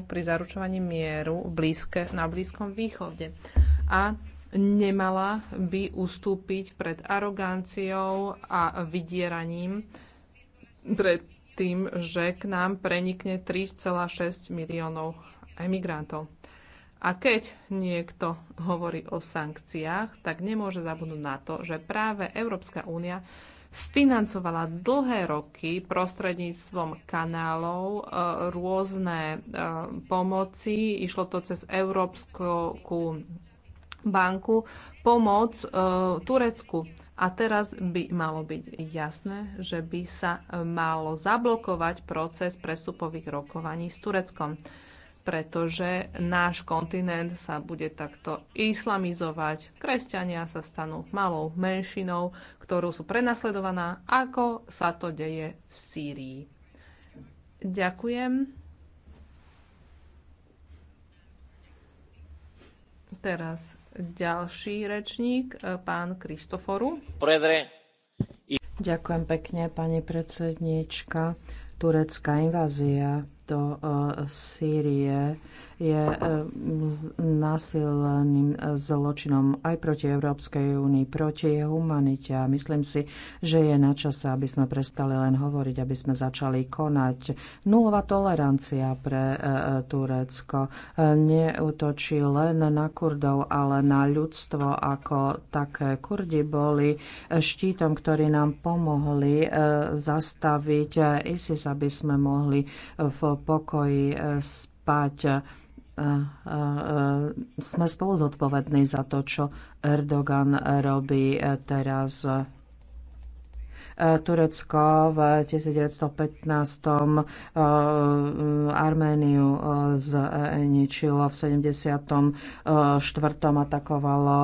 pri zaručovaní mieru blízke, na Blízkom východe. A nemala by ustúpiť pred aroganciou a vydieraním pred tým, že k nám prenikne 3,6 miliónov emigrantov. A keď niekto hovorí o sankciách, tak nemôže zabudnúť na to, že práve Európska únia financovala dlhé roky prostredníctvom kanálov e, rôzne e, pomoci. Išlo to cez Európsku banku, pomoc e, Turecku. A teraz by malo byť jasné, že by sa malo zablokovať proces prestupových rokovaní s Tureckom pretože náš kontinent sa bude takto islamizovať. Kresťania sa stanú malou menšinou, ktorú sú prenasledovaná, ako sa to deje v Sýrii. Ďakujem. Teraz ďalší rečník, pán Kristoforu. Ďakujem pekne, pani predsednička. Turecká invázia do eh, Sýrie je eh, násilným eh, zločinom aj proti Európskej únii, proti humanite. A myslím si, že je na čase, aby sme prestali len hovoriť, aby sme začali konať. Nulová tolerancia pre Turecko Neutočí len na Kurdov, ale na ľudstvo ako také. Kurdi boli štítom, ktorí nám pomohli zastaviť ISIS, aby sme mohli v pokoji e, spať. E, e, sme spolu zodpovední za to, čo Erdogan robí teraz Eh, Turecko v 1915. Eh, Arméniu eh, zničilo v 74. atakovalo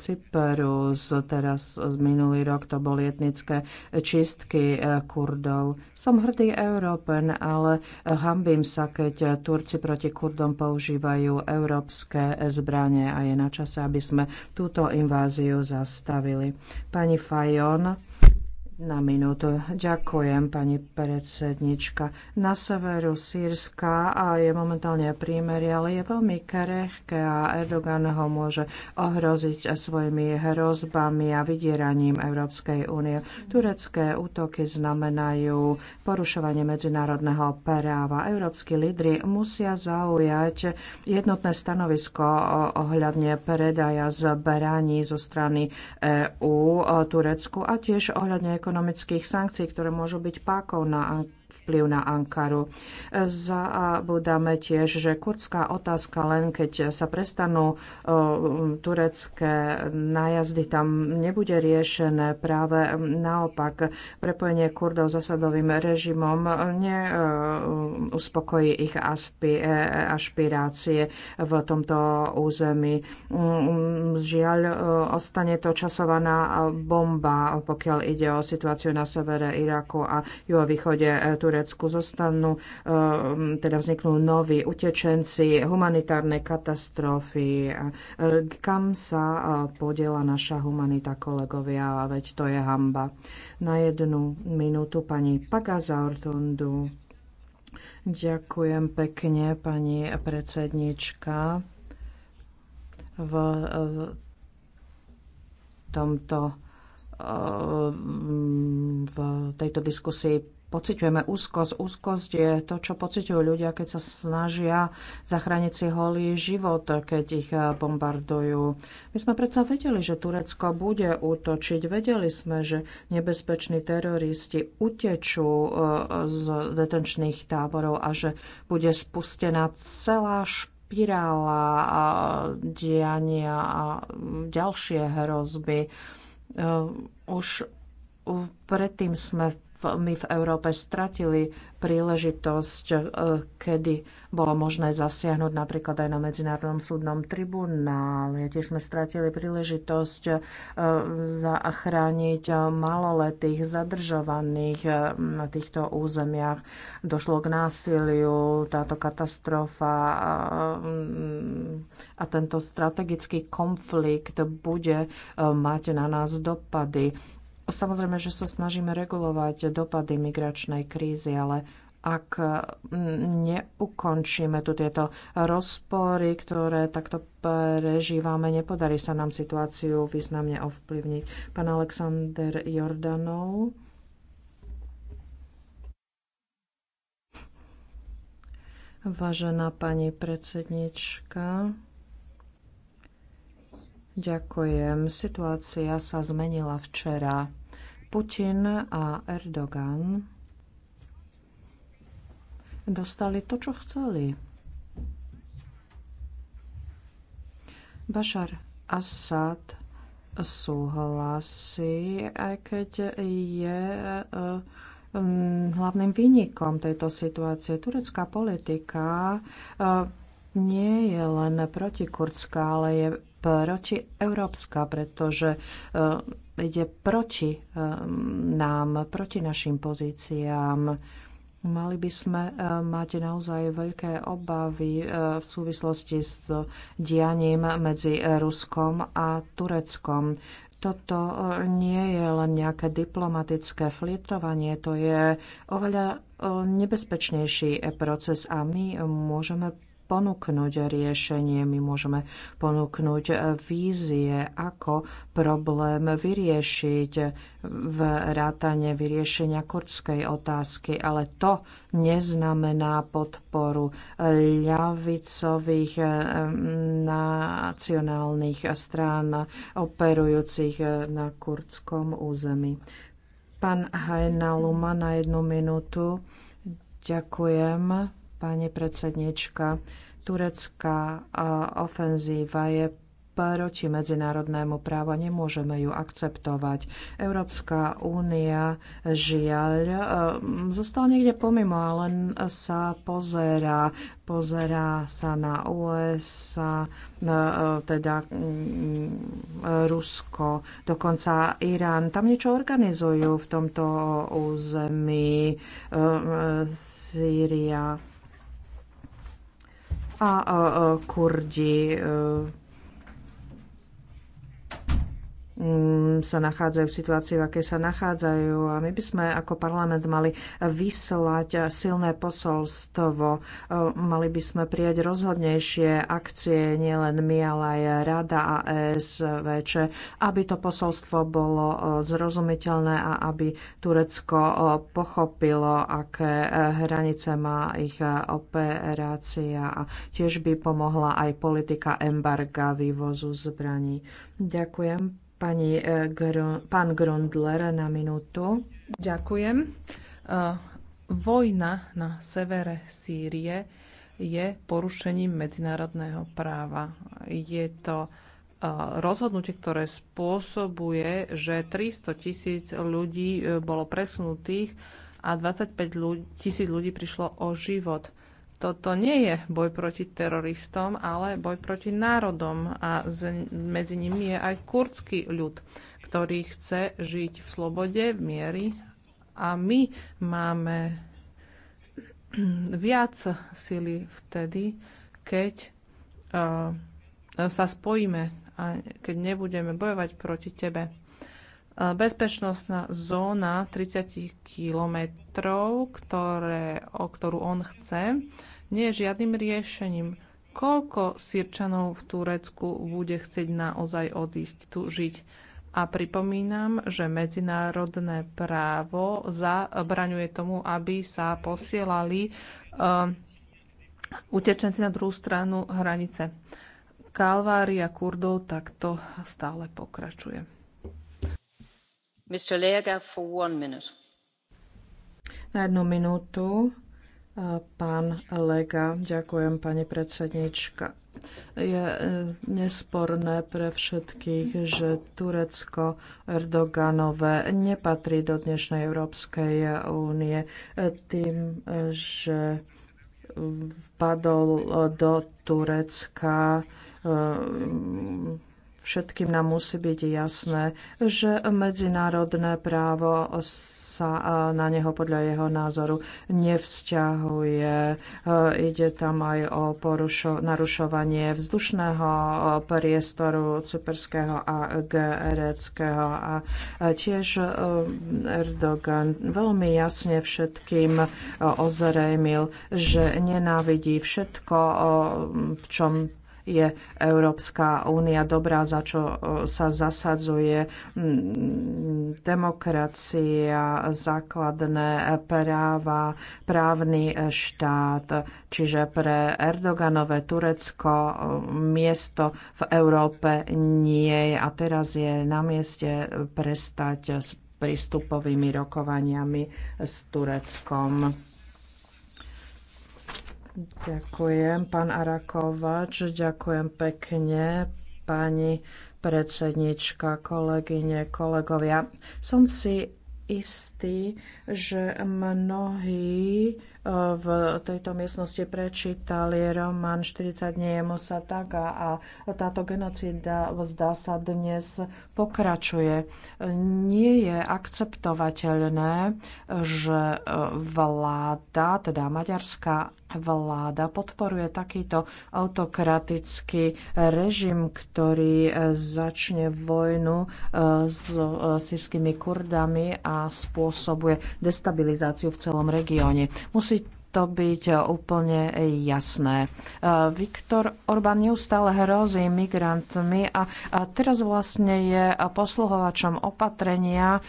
Cyperus. Teraz z minulý rok to boli etnické čistky Kurdov. Som hrdý Európen, ale hambím sa, keď Turci proti Kurdom používajú európske zbranie a je na čase, aby sme túto inváziu zastavili. Pani Fajon, na minútu. Ďakujem, pani predsednička. Na severu Sýrska a je momentálne prímerie, ale je veľmi krehké a Erdogan ho môže ohroziť svojimi hrozbami a vydieraním Európskej únie. Turecké útoky znamenajú porušovanie medzinárodného práva. Európsky lídry musia zaujať jednotné stanovisko ohľadne predaja zbraní zo strany EÚ Turecku a tiež ohľadne ekonomických sankcií, ktoré môžu byť pákov na vplyv na Ankaru. Zabudáme tiež, že kurdská otázka len keď sa prestanú turecké nájazdy, tam nebude riešené práve naopak prepojenie Kurdov s asadovým režimom neuspokojí ich e, ašpirácie v tomto území. Žiaľ, ostane to časovaná bomba, pokiaľ ide o situáciu na severe Iraku a juhovýchode Turecka Turecku, zostanú, ehm, teda vzniknú noví utečenci, humanitárne katastrofy. E, kam sa e, podiela naša humanita, kolegovia? Veď to je hamba. Na jednu minútu pani Pagaza Ortundu. Ďakujem pekne, pani predsednička. V e, tomto v tejto diskusii pociťujeme úzkosť. Úzkosť je to, čo pociťujú ľudia, keď sa snažia zachrániť si holý život, keď ich eh, bombardujú. My sme predsa vedeli, že Turecko bude útočiť. Vedeli sme, že nebezpeční teroristi utečú eh, z detenčných táborov a že bude spustená celá špirála a eh, diania a ďalšie hrozby. Už predtým sme my v Európe stratili príležitosť, e, kedy bolo možné zasiahnuť napríklad aj na Medzinárodnom súdnom tribunále. Tiež sme stratili príležitosť e, zachrániť maloletých zadržovaných e, na týchto územiach. Došlo k násiliu, táto katastrofa a tento strategický konflikt bude mať na nás dopady Samozrejme, že sa snažíme regulovať dopady migračnej krízy, ale ak neukončíme tu tieto rozpory, ktoré takto prežívame, nepodarí sa nám situáciu významne ovplyvniť. Pán Alexander Jordanov. Vážená pani predsednička, ďakujem. Situácia sa zmenila včera. Putin a Erdogan dostali to, čo chceli. Bašar Assad súhlasí, aj keď je eh, hlavným výnikom tejto situácie. Turecká politika eh, nie je len protikurdská, ale je protieurópska, pretože eh, ide proti ehm, nám, proti našim pozíciám. Mali by sme eh, mať naozaj veľké obavy eh, v súvislosti s dianím medzi Ruskom a Tureckom. Toto eh, nie je len nejaké diplomatické flirtovanie, to je oveľa nebezpečnejší proces a my môžeme ponúknuť riešenie, my môžeme ponúknuť vízie, ako problém vyriešiť v rátane vyriešenia kurdskej otázky, ale to neznamená podporu ľavicových eh, nacionálnych strán operujúcich na kurdskom území. Pán Hajna Luma na jednu minútu. Ďakujem pani predsednička. Turecká ofenzíva je proti medzinárodnému právu nemôžeme ju akceptovať. Európska únia žiaľ zostal niekde pomimo ale sa pozerá. pozera sa na USA, teda mm, Rusko, dokonca Irán. Tam niečo organizujú v tomto území. Sýria a a, a Kurdi e, Mm, sa nachádzajú v situácii, v akej sa nachádzajú. A my by sme ako parlament mali vyslať silné posolstvo. E, mali by sme prijať rozhodnejšie akcie, nielen my, ale aj Rada a SVČ, aby to posolstvo bolo e, zrozumiteľné a aby Turecko e, pochopilo, aké hranice má ich operácia a tiež by pomohla aj politika embarga vývozu zbraní. Ďakujem Pani, eh, pán Grondler na minútu. Ďakujem. Eh, vojna na severe Sýrie je porušením medzinárodného práva. Je to eh, rozhodnutie, ktoré spôsobuje, že 300 tisíc ľudí bolo presunutých a 25 tisíc ľudí prišlo o život. Toto nie je boj proti teroristom, ale boj proti národom a medzi nimi je aj kurdský ľud, ktorý chce žiť v slobode, v miery a my máme viac sily vtedy, keď uh, sa spojíme a keď nebudeme bojovať proti tebe bezpečnostná zóna 30 kilometrov, o ktorú on chce, nie je žiadnym riešením. Koľko Sýrčanov v Turecku bude chcieť naozaj odísť tu žiť? A pripomínam, že medzinárodné právo zabraňuje tomu, aby sa posielali uh, utečenci na druhú stranu hranice. Kalvária Kurdov takto stále pokračuje. Na jednu minútu e, pán Lega. Ďakujem, pani predsednička. Je e, nesporné pre všetkých, že Turecko Erdoganové nepatrí do dnešnej Európskej únie tým, že padol do Turecka e, Všetkým nám musí byť jasné, že medzinárodné právo sa e, na neho podľa jeho názoru nevzťahuje. E, ide tam aj o porušo- narušovanie vzdušného e, priestoru cyperského a gereckého. A tiež Erdogan veľmi jasne všetkým ozrejmil, že nenávidí všetko, v čom je Európska únia dobrá, za čo e, sa zasadzuje demokracia, základné práva, právny štát. Čiže pre Erdoganové Turecko e, miesto v Európe nie je a teraz je na mieste prestať s prístupovými rokovaniami s Tureckom. Ďakujem, pán Arakovač, ďakujem pekne, pani predsednička, kolegyne, kolegovia. Som si istý, že mnohí eh, v tejto miestnosti prečítali román 40 dní Jemosa Taga a táto genocída zdá sa dnes pokračuje. Nie je akceptovateľné, že eh, vláda, teda maďarská vláda podporuje takýto autokratický režim, ktorý e, začne vojnu e, s e, sírskymi kurdami a spôsobuje destabilizáciu v celom regióne. Musí to byť úplne jasné. Viktor Orbán neustále hrozí migrantmi a teraz vlastne je posluhovačom opatrenia,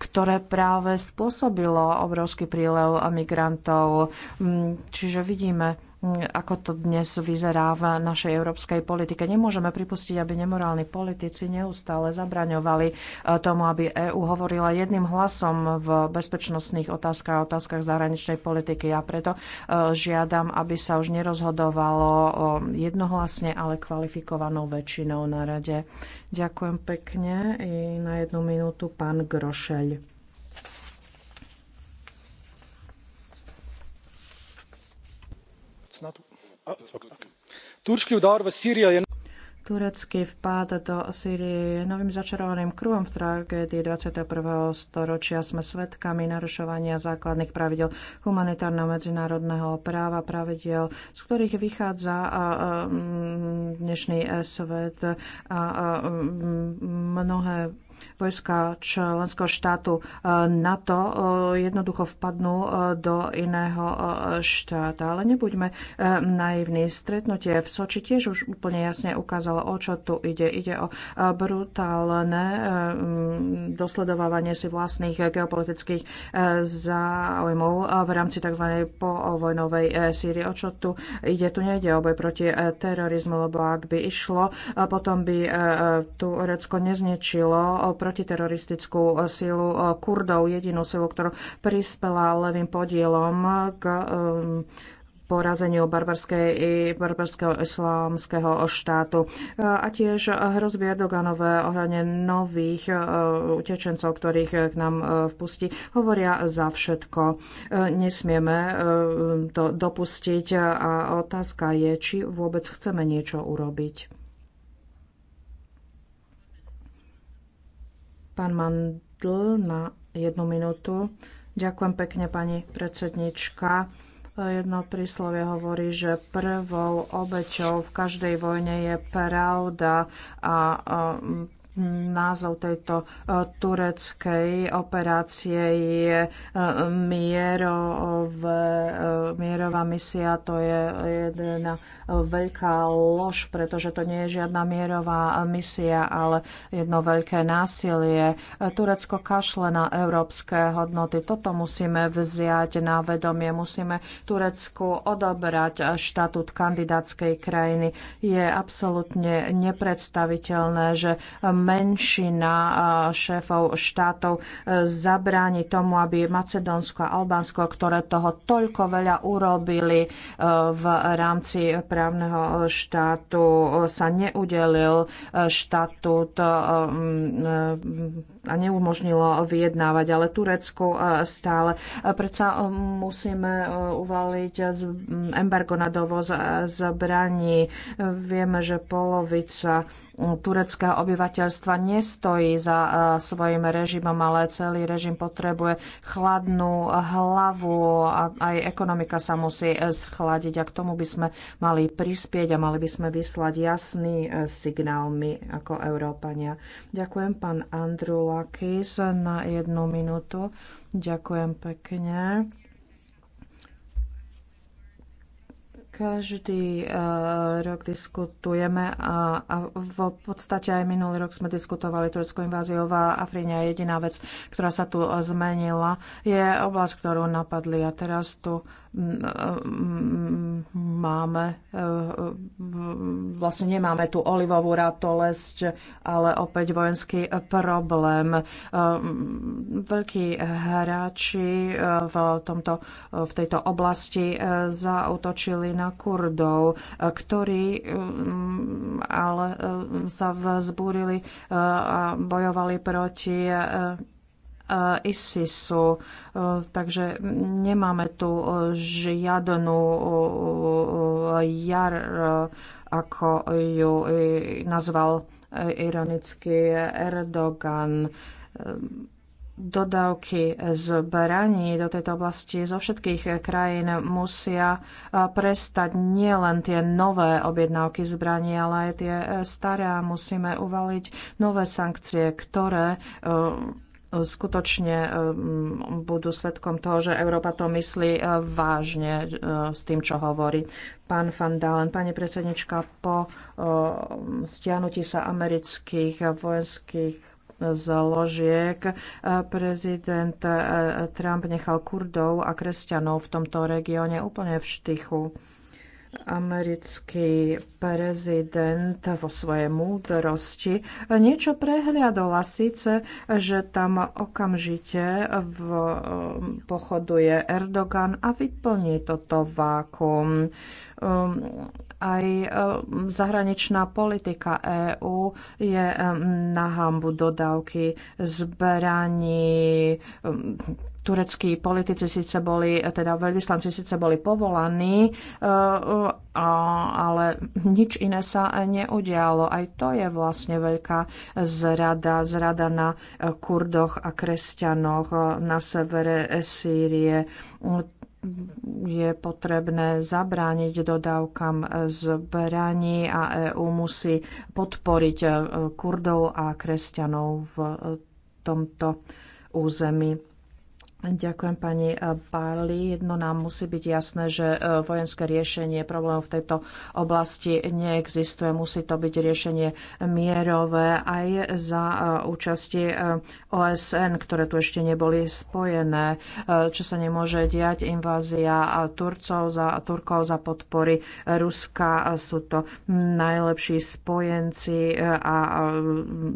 ktoré práve spôsobilo obrovský prílev migrantov. Hm, čiže vidíme, ako to dnes vyzerá v našej európskej politike. Nemôžeme pripustiť, aby nemorálni politici neustále zabraňovali e, tomu, aby EÚ hovorila jedným hlasom v bezpečnostných otázkach a otázkach zahraničnej politiky. Ja preto e, žiadam, aby sa už nerozhodovalo jednohlasne, ale kvalifikovanou väčšinou na rade. Ďakujem pekne. I na jednu minútu pán Grošeľ. Turecký vpád do Sýrie je novým začarovaným kruhom v tragédii 21. storočia. Sme svedkami narušovania základných pravidel humanitárneho medzinárodného práva, pravidel, z ktorých vychádza dnešný svet a mnohé vojska členského štátu e, NATO e, jednoducho vpadnú e, do iného štáta. Ale nebuďme naivní. Stretnutie v Soči tiež už úplne jasne ukázalo, o čo tu ide. Ide o brutálne dosledovávanie si vlastných geopolitických záujmov v rámci tzv. povojnovej Sýrie. O čo tu ide? Tu nejde o boj proti terorizmu, lebo ak by išlo, potom by Turecko nezničilo o protiteroristickú silu Kurdov, jedinú silu, ktorú prispela levým podielom k um, porazeniu barbarského islámskeho štátu. A tiež hrozby Erdoganové ohľadne nových uh, utečencov, ktorých k nám uh, vpustí, hovoria za všetko. Uh, nesmieme to dopustiť a otázka je, či vôbec chceme niečo urobiť. Pán Mandl na jednu minútu. Ďakujem pekne, pani predsednička. Jedno príslovie hovorí, že prvou obeťou v každej vojne je pravda a Názov tejto e, tureckej operácie je e, mierové, e, mierová misia. To je jedna veľká lož, pretože to nie je žiadna mierová misia, ale jedno veľké násilie. Turecko kašle na európske hodnoty. Toto musíme vziať na vedomie. Musíme Turecku odobrať štatút kandidátskej krajiny. Je absolútne nepredstaviteľné, že menšina šéfov štátov e, zabráni tomu, aby Macedónsko a Albánsko, ktoré toho toľko veľa urobili e, v rámci právneho štátu, e, sa neudelil štatút a neumožnilo vyjednávať, ale Turecku stále. Predsa musíme uvaliť embargo na dovoz zbraní. Vieme, že polovica tureckého obyvateľstva nestojí za eh, svojim režimom, ale celý režim potrebuje chladnú hlavu a aj ekonomika sa musí eh, schladiť a k tomu by sme mali prispieť a mali by sme vyslať jasný eh, signál my ako Európania. Ďakujem pán Andrew Lakis na jednu minútu. Ďakujem pekne. Každý eh, rok diskutujeme a, a v podstate aj minulý rok sme diskutovali Turecko inváziu v Afrine. Jediná vec, ktorá sa tu zmenila, je oblasť, ktorú napadli a teraz tu máme, vlastne nemáme tú olivovú ratolesť, ale opäť vojenský problém. Veľkí hráči v, tomto, v tejto oblasti zautočili na Kurdov, ktorí ale sa vzbúrili a bojovali proti Eh, ISISu. Eh, takže nemáme tu eh, žiadnu jar, ako ju nazval ironicky Erdogan dodávky zbraní do tejto oblasti zo všetkých krajín musia prestať nielen tie nové objednávky zbraní, ale aj tie staré a musíme uvaliť nové sankcie, ktoré skutočne eh, budú svetkom toho, že Európa to myslí eh, vážne eh, s tým, čo hovorí. Pán Van Dalen, pani predsednička, po stiahnutí sa amerických vojenských zložiek. Prezident Trump nechal Kurdov a kresťanov v tomto regióne úplne v štychu americký prezident vo svojej múdrosti niečo prehliadol a síce, že tam okamžite v, pochoduje Erdogan a vyplní toto vákum. Um, aj e, zahraničná politika EÚ je e, na hambu dodávky zbraní e, tureckí politici síce boli, teda veľvyslanci síce boli povolaní, ale nič iné sa neudialo. Aj to je vlastne veľká zrada, zrada na Kurdoch a kresťanoch na severe Sýrie je potrebné zabrániť dodávkam zbraní a EÚ musí podporiť eh, Kurdov a kresťanov v eh, tomto území. Ďakujem pani eh, Barley. Jedno nám musí byť jasné, že eh, vojenské riešenie problémov v tejto oblasti neexistuje. Musí to byť riešenie mierové aj za eh, účasti OSN, ktoré tu ešte neboli spojené. Čo sa nemôže diať, invázia Turcov za, Turkov za podpory Ruska sú to najlepší spojenci a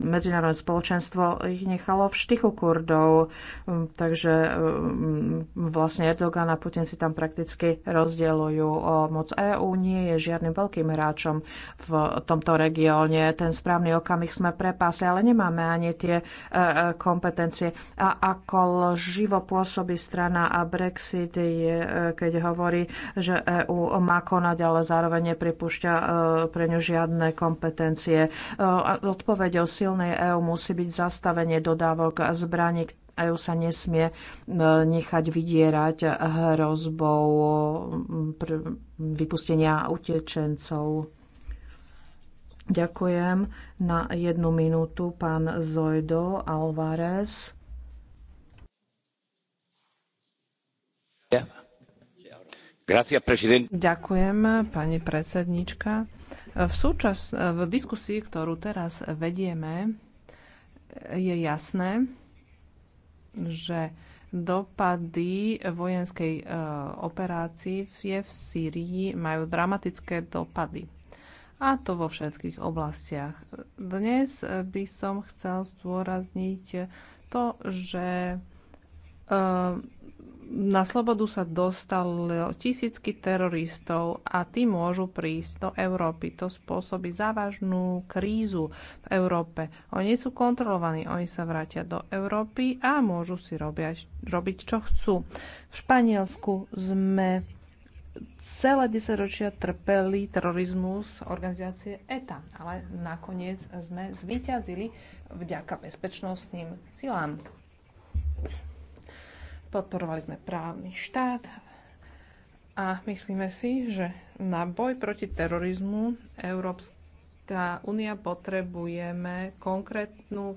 medzinárodné spoločenstvo ich nechalo v štychu Kurdov. Mm, takže Um, vlastne Erdogan a Putin si tam prakticky rozdielujú moc. EÚ nie je žiadnym veľkým hráčom v tomto regióne. Ten správny okamih sme prepásli, ale nemáme ani tie e, e, kompetencie. A ako živo pôsobí strana a Brexit je, e, keď hovorí, že EÚ má konať, ale zároveň nepripúšťa pre ňu žiadne kompetencie. Odpoveďou silnej EÚ musí byť zastavenie dodávok zbraní, ju sa nesmie nechať vydierať hrozbou vypustenia utečencov. Ďakujem. Na jednu minútu pán Zojdo Alvarez. Ďakujem, pani predsednička. V, súčas, v diskusii, ktorú teraz vedieme, je jasné, že dopady vojenskej e, operácii v Sýrii majú dramatické dopady. A to vo všetkých oblastiach. Dnes by som chcel zdôrazniť to, že e, na slobodu sa dostalo tisícky teroristov a tí môžu prísť do Európy. To spôsobí závažnú krízu v Európe. Oni sú kontrolovaní, oni sa vrátia do Európy a môžu si robiať, robiť, čo chcú. V Španielsku sme celé 10 ročia trpeli terorizmus organizácie ETA, ale nakoniec sme zvíťazili vďaka bezpečnostným silám podporovali sme právny štát a myslíme si, že na boj proti terorizmu Európska únia potrebujeme konkrétnu e,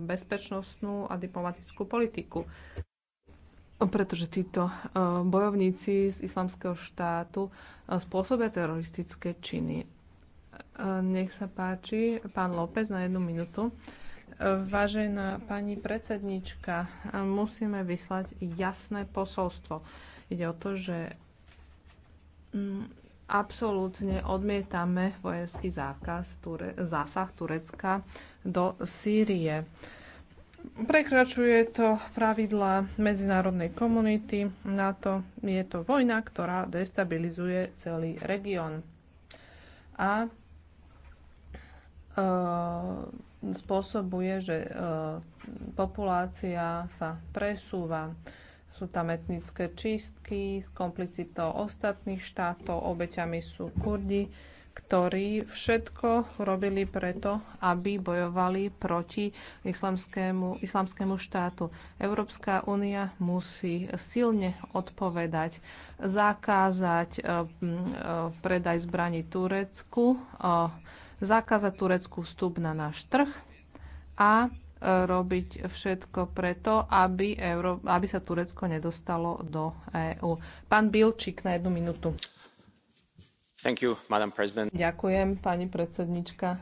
bezpečnostnú a diplomatickú politiku. Pretože títo e, bojovníci z islamského štátu e, spôsobia teroristické činy. Nech sa páči, pán López, na jednu minútu. Vážená pani predsednička, musíme vyslať jasné posolstvo. Ide o to, že mm, absolútne odmietame vojenský zákaz, ture, zásah Turecka do Sýrie. Prekračuje to pravidla medzinárodnej komunity NATO. Je to vojna, ktorá destabilizuje celý región. A e, spôsobuje, že e, populácia sa presúva. Sú tam etnické čistky s komplicitou ostatných štátov, obeťami sú Kurdi, ktorí všetko robili preto, aby bojovali proti islamskému, islamskému štátu. Európska únia musí silne odpovedať, zakázať e, e, predaj zbraní Turecku, zakázať Turecku vstup na náš trh a e, robiť všetko preto, aby, Euró- aby sa Turecko nedostalo do EÚ. Pán Bilčík na jednu minútu. Thank you, Madam President. Ďakujem, pani predsednička.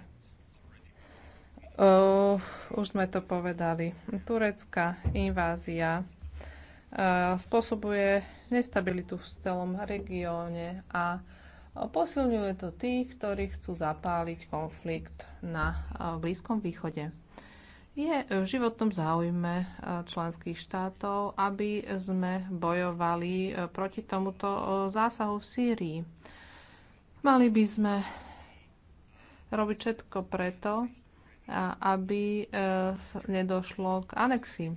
Uh, už sme to povedali. Turecká invázia uh, spôsobuje nestabilitu v celom regióne a uh, Posilňuje to tých, ktorí chcú zapáliť konflikt na Blízkom východe. Je v životnom záujme členských štátov, aby sme bojovali e, proti tomuto e, zásahu v Sýrii. Mali by sme robiť všetko preto, aby e, nedošlo k anexii.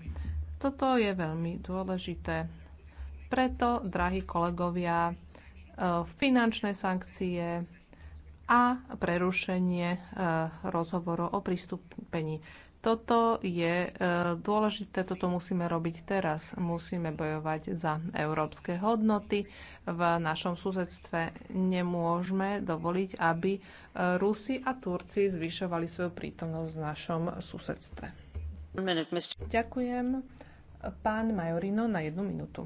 Toto je veľmi dôležité. Preto, drahí kolegovia, Eh, finančné sankcie a prerušenie eh, rozhovorov o pristúpení. Toto je eh, dôležité, toto musíme robiť teraz. Musíme bojovať za európske hodnoty v našom susedstve. Nemôžeme dovoliť, aby Rusi a Turci zvyšovali svoju prítomnosť v našom susedstve. Minute, Ďakujem. Pán Majorino na jednu minútu.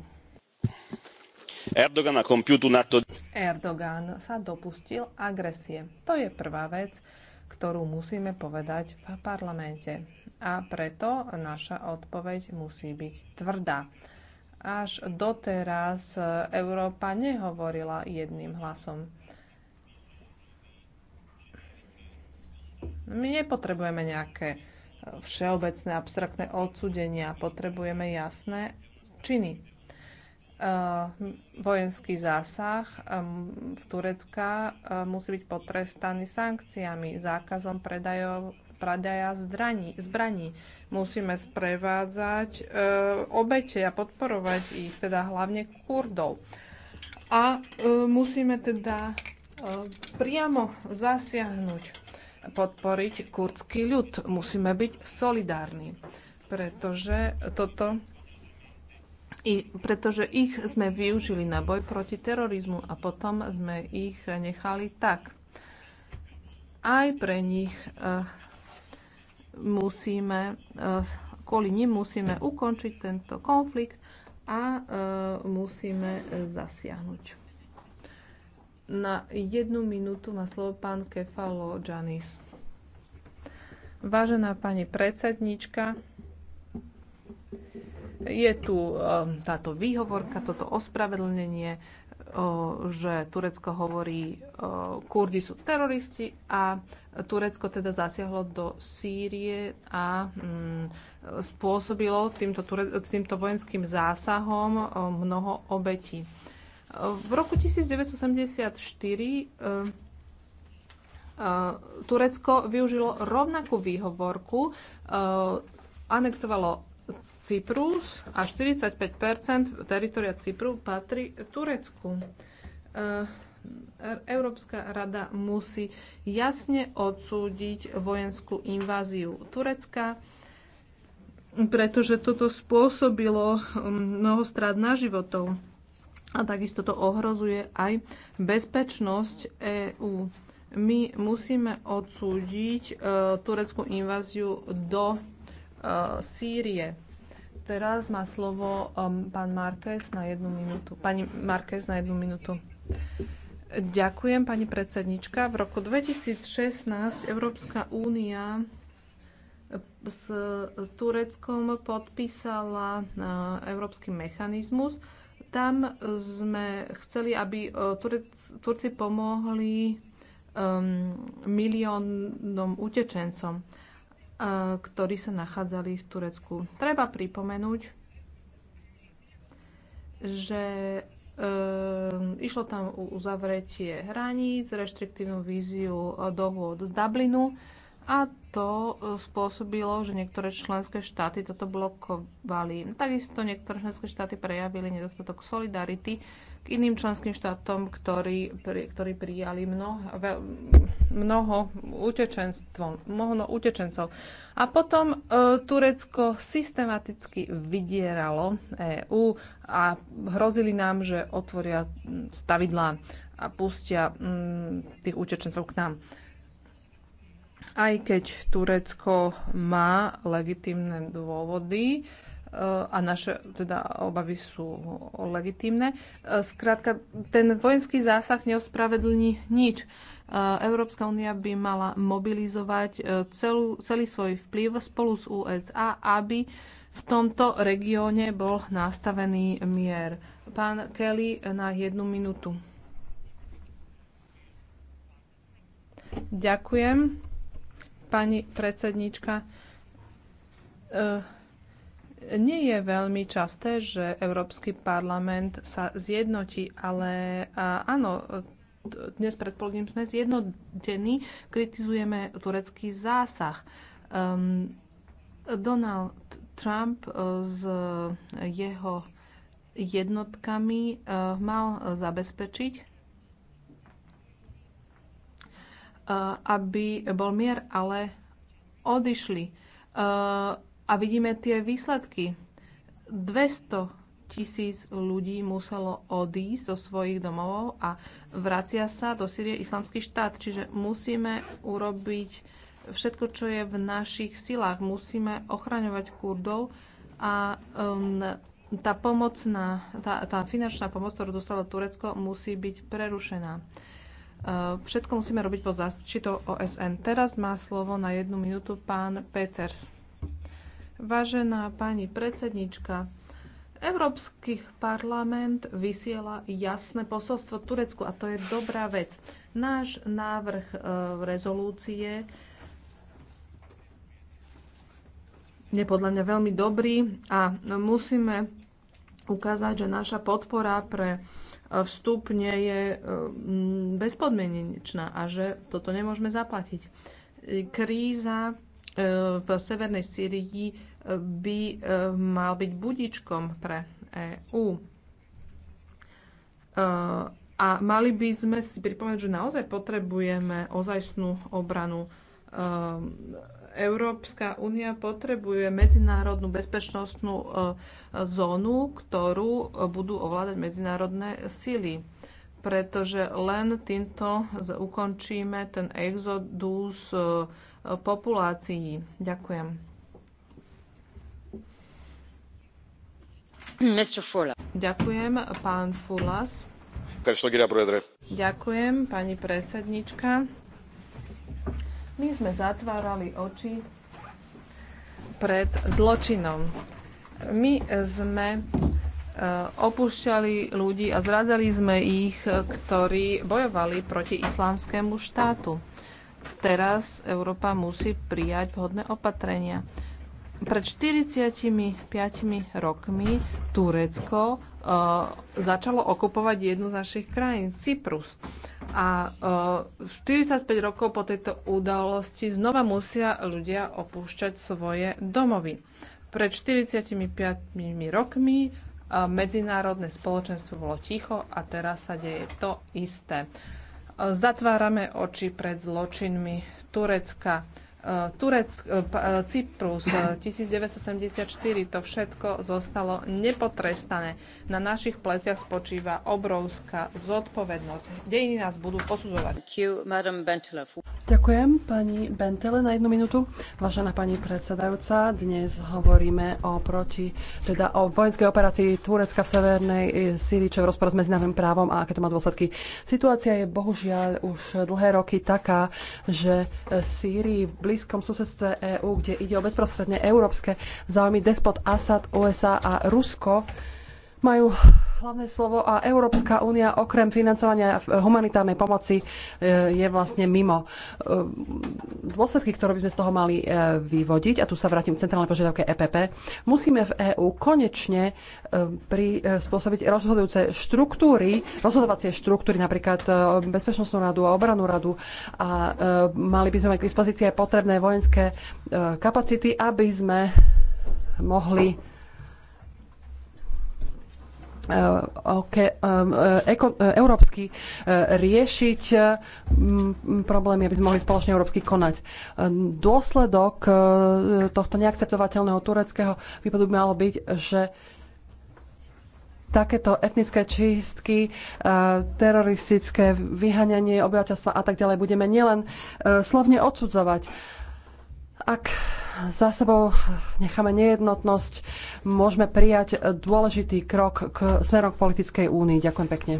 Erdogan a compiuto na to... Erdogan sa dopustil agresie. To je prvá vec, ktorú musíme povedať v parlamente. A preto naša odpoveď musí byť tvrdá. Až doteraz Európa nehovorila jedným hlasom. My nepotrebujeme nejaké všeobecné abstraktné odsudenia, potrebujeme jasné činy. Eh, vojenský zásah v Turecka eh, musí byť potrestaný sankciami, zákazom predajov, predaja zdraní, zbraní. Musíme sprevádzať eh, obete a podporovať ich, teda hlavne Kurdov. A musíme teda priamo zasiahnuť, podporiť kurdský ľud. Musíme byť solidárni, pretože toto i, pretože ich sme využili na boj proti terorizmu a potom sme ich nechali tak. Aj pre nich uh, musíme, uh, kvôli nim musíme ukončiť tento konflikt a uh, musíme zasiahnuť. Na jednu minútu má slovo pán Kefalo Janis. Vážená pani predsednička, je tu um, táto výhovorka, toto ospravedlnenie, uh, že Turecko hovorí, uh, Kurdi sú teroristi a Turecko teda zasiahlo do Sýrie a mm, spôsobilo týmto, týmto vojenským zásahom uh, mnoho obetí. V roku 1984 Turecko využilo rovnakú výhovorku, anektovalo Cyprus a 45 teritoria Cypru patrí Turecku. E, Európska rada musí jasne odsúdiť vojenskú inváziu Turecka, pretože toto spôsobilo um, mnoho strát na životov. A takisto to ohrozuje aj bezpečnosť EÚ. My musíme odsúdiť e, tureckú inváziu do e, Sýrie. Teraz má slovo um, pán Marquez na jednu minútu. Pani Marquez na jednu minútu. Ďakujem, pani predsednička. V roku 2016 Európska únia s Tureckom podpísala uh, európsky mechanizmus. Tam sme chceli, aby uh, Turec, Turci pomohli um, miliónom utečencom ktorí sa nachádzali v Turecku. Treba pripomenúť, že e, išlo tam uzavretie hraníc, reštriktívnu víziu e, dohôd z Dublinu a to e, spôsobilo, že niektoré členské štáty toto blokovali. Takisto niektoré členské štáty prejavili nedostatok solidarity k iným členským štátom, ktorí, ktorí prijali mnoho, mnoho, mnoho utečencov. A potom e, Turecko systematicky vydieralo EÚ a hrozili nám, že otvoria stavidlá a pustia mm, tých utečencov k nám. Aj keď Turecko má legitimné dôvody, a naše teda obavy sú legitímne. E, skrátka, ten vojenský zásah neospravedlní nič. E, Európska únia by mala mobilizovať e, celú, celý svoj vplyv spolu s USA, aby v tomto regióne bol nastavený mier. Pán Kelly na jednu minútu. Ďakujem, pani predsednička. Nie je veľmi časté, že Európsky parlament sa zjednotí, ale áno, dnes predpoludním sme zjednotení, kritizujeme turecký zásah. Um, Donald Trump e, s jeho jednotkami e, mal zabezpečiť, e, aby bol mier, ale odišli. A vidíme tie výsledky. 200 tisíc ľudí muselo odísť zo svojich domov a vracia sa do Sýrie islamský štát. Čiže musíme urobiť všetko, čo je v našich silách. Musíme ochraňovať Kurdov a um, tá, pomocná, tá, tá finančná pomoc, ktorú dostalo Turecko, musí byť prerušená. Uh, všetko musíme robiť pod záštitou OSN. Teraz má slovo na jednu minútu pán Peters. Vážená pani predsednička, Európsky parlament vysiela jasné posolstvo Turecku a to je dobrá vec. Náš návrh e, rezolúcie je podľa mňa veľmi dobrý a musíme ukázať, že naša podpora pre e, vstup nie je e, bezpodmienečná a že toto nemôžeme zaplatiť. Kríza e, v severnej Syrii by e, mal byť budičkom pre EÚ. E, a mali by sme si pripomenúť, že naozaj potrebujeme ozajstnú obranu. E, Európska únia potrebuje medzinárodnú bezpečnostnú zónu, ktorú budú ovládať medzinárodné síly. pretože len týmto ukončíme ten exodus populácií. Ďakujem. Ďakujem, pán Fulas. Ďakujem, pani predsednička. My sme zatvárali oči pred zločinom. My sme e, opúšťali ľudí a zradzali sme ich, ktorí bojovali proti islámskému štátu. Teraz Európa musí prijať vhodné opatrenia. Pred 45 rokmi Turecko uh, začalo okupovať jednu z našich krajín, Cyprus. A uh, e, 45 rokov po tejto udalosti znova musia ľudia opúšťať svoje domovy. Pred 45 rokmi uh, medzinárodné spoločenstvo bolo ticho a teraz sa deje to isté. Zatvárame oči pred zločinmi Turecka Eh, Turec, eh, eh, Cyprus 1974, to všetko zostalo nepotrestané. Na našich pleciach spočíva obrovská zodpovednosť. Dejiny nás budú posudzovať. Ďakujem pani Bentele na jednu minútu. Vážená pani predsedajúca, dnes hovoríme o proti, teda o vojenskej operácii Turecka v severnej Sýrii, čo je v rozpore s medzinárodným právom a aké to má dôsledky. Situácia je bohužiaľ už dlhé roky taká, že Sýrii blízkom susedstve EÚ, kde ide o bezprostredne európske záujmy, despot Asad, USA a Rusko majú hlavné slovo a Európska únia okrem financovania humanitárnej pomoci e, je vlastne mimo. E, dôsledky, ktoré by sme z toho mali e, vyvodiť, a tu sa vrátim k centrálnej požiadavke EPP, musíme v EÚ konečne prispôsobiť rozhodujúce štruktúry, rozhodovacie štruktúry, napríklad Bezpečnostnú radu a obranú radu a mali by sme mať k dispozícii aj potrebné vojenské kapacity, aby sme mohli Eh, eh, eh, európsky riešiť problémy, aby sme mohli spoločne európsky konať. Dôsledok tohto neakceptovateľného tureckého výpadu by malo byť, že takéto etnické čistky, teroristické vyhanianie obyvateľstva a tak ďalej budeme nielen slovne odsudzovať, ak za sebou necháme nejednotnosť, môžeme prijať dôležitý krok k smerom k politickej únii. Ďakujem pekne.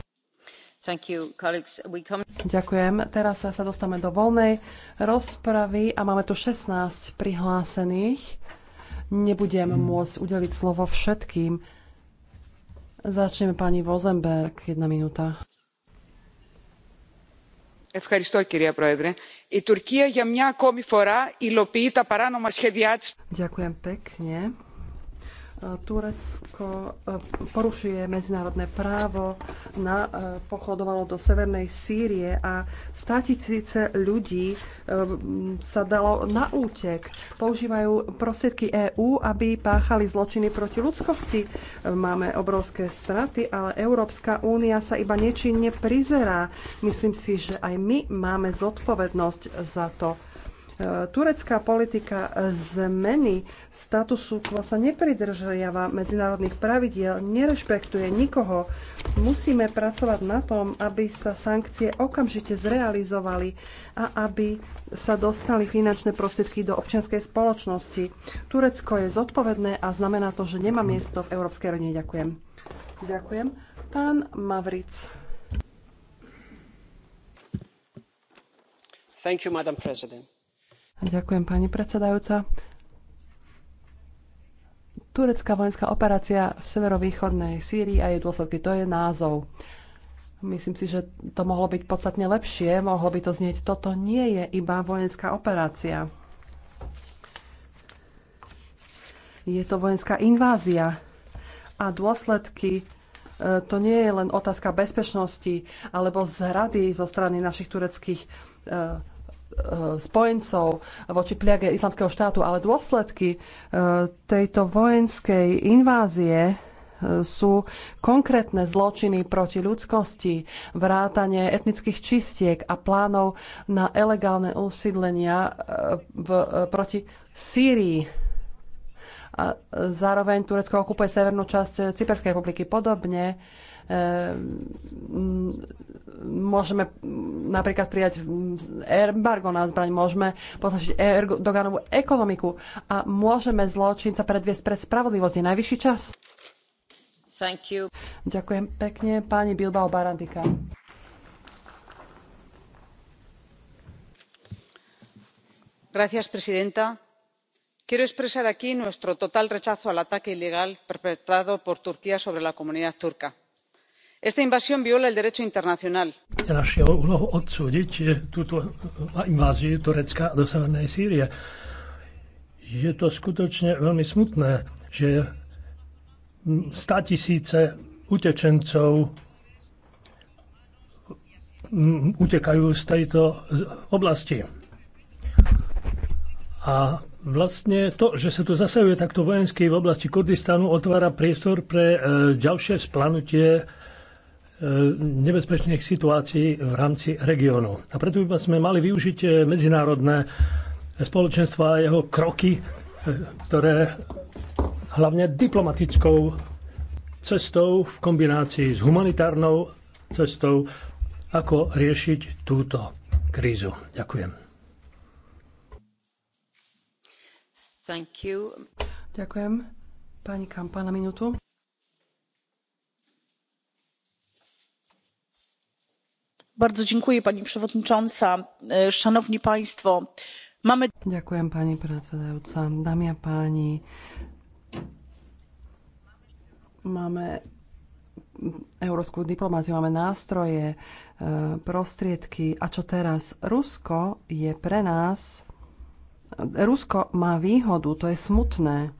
You, come... Ďakujem. Teraz sa dostame do voľnej rozpravy a máme tu 16 prihlásených. Nebudem môcť udeliť slovo všetkým. Začneme pani Vozenberg, jedna minúta pani predsedajúca turčia ja mňa komi fora ilo pýta paranoma schediac. ďakujem pekne. Turecko e, porušuje medzinárodné právo, na, e, pochodovalo do severnej Sýrie a státisíce ľudí e, sa dalo na útek. Používajú prostriedky EÚ, aby páchali zločiny proti ľudskosti. Máme obrovské straty, ale Európska únia sa iba nečinne prizerá. Myslím si, že aj my máme zodpovednosť za to E, turecká politika zmeny statusu quo sa nepridržiava medzinárodných pravidiel, nerešpektuje nikoho. Musíme pracovať na tom, aby sa sankcie okamžite zrealizovali a aby sa dostali finančné prostriedky do občianskej spoločnosti. Turecko je zodpovedné a znamená to, že nemá miesto v Európskej rodine. Ďakujem. Ďakujem. Pán Mavric. Thank you, Madam President Ďakujem, pani predsedajúca. Turecká vojenská operácia v severovýchodnej Sýrii a jej dôsledky, to je názov. Myslím si, že to mohlo byť podstatne lepšie, mohlo by to znieť, toto nie je iba vojenská operácia. Je to vojenská invázia a dôsledky e, to nie je len otázka bezpečnosti alebo zrady zo strany našich tureckých e, Eh, spojencov voči pliage islamského štátu, ale dôsledky eh, tejto vojenskej invázie eh, sú konkrétne zločiny proti ľudskosti, vrátanie etnických čistiek a plánov na elegálne usídlenia v, proti Sýrii. A zároveň Turecko okupuje severnú časť Cyperskej republiky. Podobne Ehm, môžeme napríklad prijať embargo na zbraň, môžeme potlačiť Erdoganovú ekonomiku a môžeme zločinca predviesť pred spravodlivosť. Je najvyšší čas. Thank you. Ďakujem pekne, pani Bilbao Barantika. Gracias, presidenta. Quiero expresar aquí nuestro total rechazo al ataque ilegal perpetrado por Turquía sobre la comunidad turca esta invasión viola el derecho internacional. Je eh, túto eh, inváziu Turecka do Sýrie. Je to skutočne veľmi smutné, že 100 tisíce utečencov utekajú z tejto oblasti. A vlastne to, že sa tu zasahuje takto vojenský v oblasti Kurdistanu, otvára priestor pre eh, ďalšie splanutie E, nebezpečných situácií v rámci regiónu. A preto by sme mali využiť e, medzinárodné spoločenstvo a jeho kroky, e, ktoré hlavne diplomatickou cestou v kombinácii s humanitárnou cestou, ako riešiť túto krízu. Ďakujem. Thank you. Ďakujem. Pani Kampa na minútu. pani przewodnicząca! E, szanowni państwo! pani predsedajúca dámy a páni máme európsku diplomáciu máme nástroje prostriedky a čo teraz rusko je pre nás rusko má výhodu to je smutné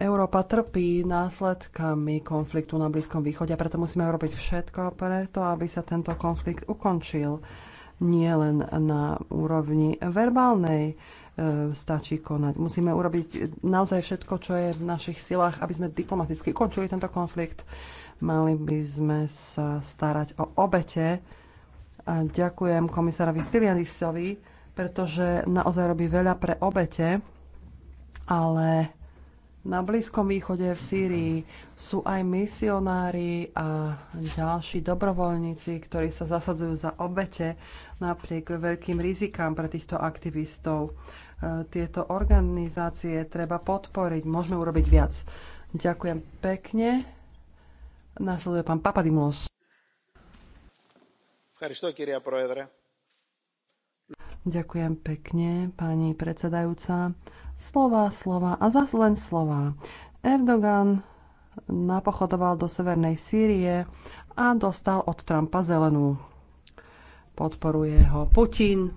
Európa trpí následkami konfliktu na Blízkom východe a preto musíme robiť všetko preto, aby sa tento konflikt ukončil. Nie len na úrovni verbálnej e, stačí konať. Musíme urobiť naozaj všetko, čo je v našich silách, aby sme diplomaticky ukončili tento konflikt. Mali by sme sa starať o obete. A ďakujem komisárovi Stylianisovi, pretože naozaj robí veľa pre obete, ale na Blízkom východe v Sýrii sú aj misionári a ďalší dobrovoľníci, ktorí sa zasadzujú za obete napriek veľkým rizikám pre týchto aktivistov. E, tieto organizácie treba podporiť, môžeme urobiť viac. Ďakujem pekne. Nasleduje pán papadimus. Ďakujem pekne, pani predsedajúca. Slova, slova a zas len slova. Erdogan napochodoval do Severnej Sýrie a dostal od Trumpa zelenú. Podporuje ho Putin